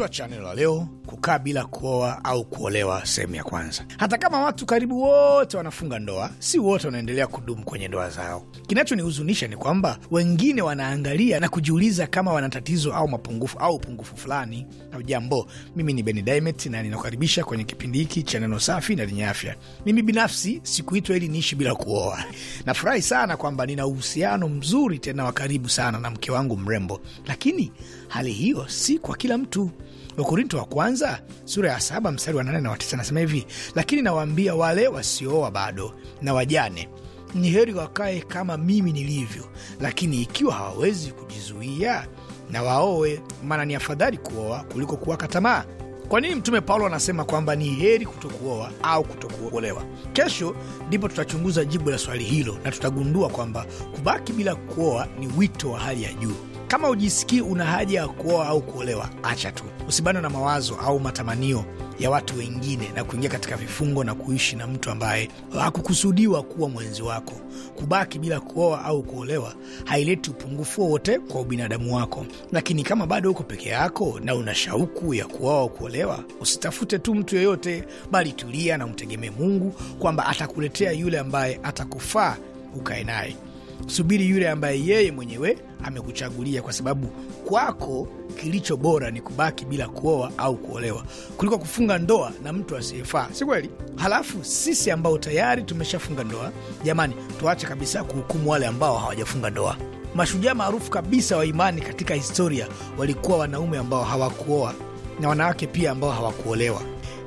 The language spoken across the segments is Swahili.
c u l t u r Channel. a l e o kukaa bila kuoa au kuolewa, sehemu ya kwanza. Hata kama watu karibu wote wanafunga ndoa, si wote wanaendelea kudumu kwenye ndoa zao. Kinachonihuzunisha ni kwamba wengine wanaangalia na kujiuliza kama wana tatizo au mapungufu au upungufu fulani au jambo. Mimi ni Beni Dimet na ninakukaribisha kwenye kipindi hiki cha neno safi na lenye afya. Mimi binafsi sikuitwa ili niishi bila kuoa. Nafurahi sana kwamba nina uhusiano mzuri tena wa karibu sana na mke wangu mrembo, lakini hali hiyo si kwa kila mtu. Wakorinto wa kwanza kwanza sura ya saba mstari wa nane na watisa anasema hivi, lakini nawaambia wale wasiooa bado na wajane ni heri wakae kama mimi nilivyo, lakini ikiwa hawawezi kujizuia na waoe, maana ni afadhali kuoa kuliko kuwaka tamaa. Kwa nini Mtume Paulo anasema kwamba ni heri kutokuoa au kutokuolewa? Kesho ndipo tutachunguza jibu la swali hilo na tutagundua kwamba kubaki bila kuoa ni wito wa hali ya juu. Kama ujisikii una haja ya kuoa au kuolewa, acha tu. Usibanwe na mawazo au matamanio ya watu wengine na kuingia katika vifungo na kuishi na mtu ambaye hakukusudiwa kuwa mwenzi wako. Kubaki bila kuoa au kuolewa haileti upungufu wowote kwa ubinadamu wako, lakini kama bado uko peke yako na una shauku ya kuoa au kuolewa, usitafute tu mtu yoyote bali tulia na umtegemee Mungu kwamba atakuletea yule ambaye atakufaa ukae naye subiri yule ambaye yeye mwenyewe amekuchagulia, kwa sababu kwako kilicho bora ni kubaki bila kuoa au kuolewa kuliko kufunga ndoa na mtu asiyefaa, si kweli? Halafu sisi ambao tayari tumeshafunga ndoa, jamani, tuache kabisa kuhukumu wale ambao hawajafunga ndoa. Mashujaa maarufu kabisa wa imani katika historia walikuwa wanaume ambao hawakuoa na wanawake pia ambao hawakuolewa.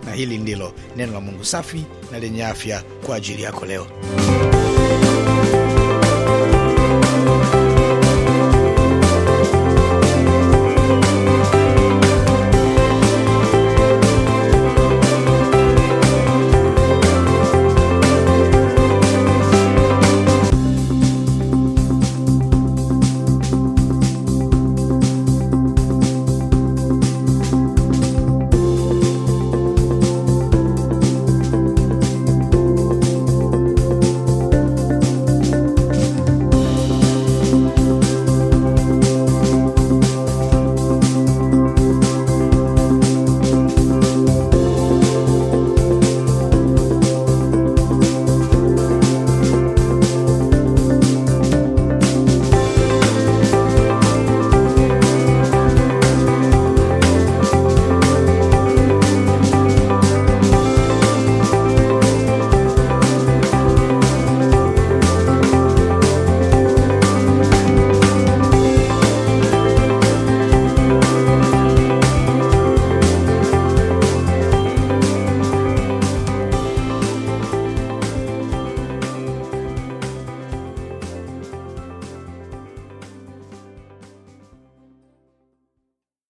Na hili ndilo neno la Mungu safi na lenye afya kwa ajili yako leo.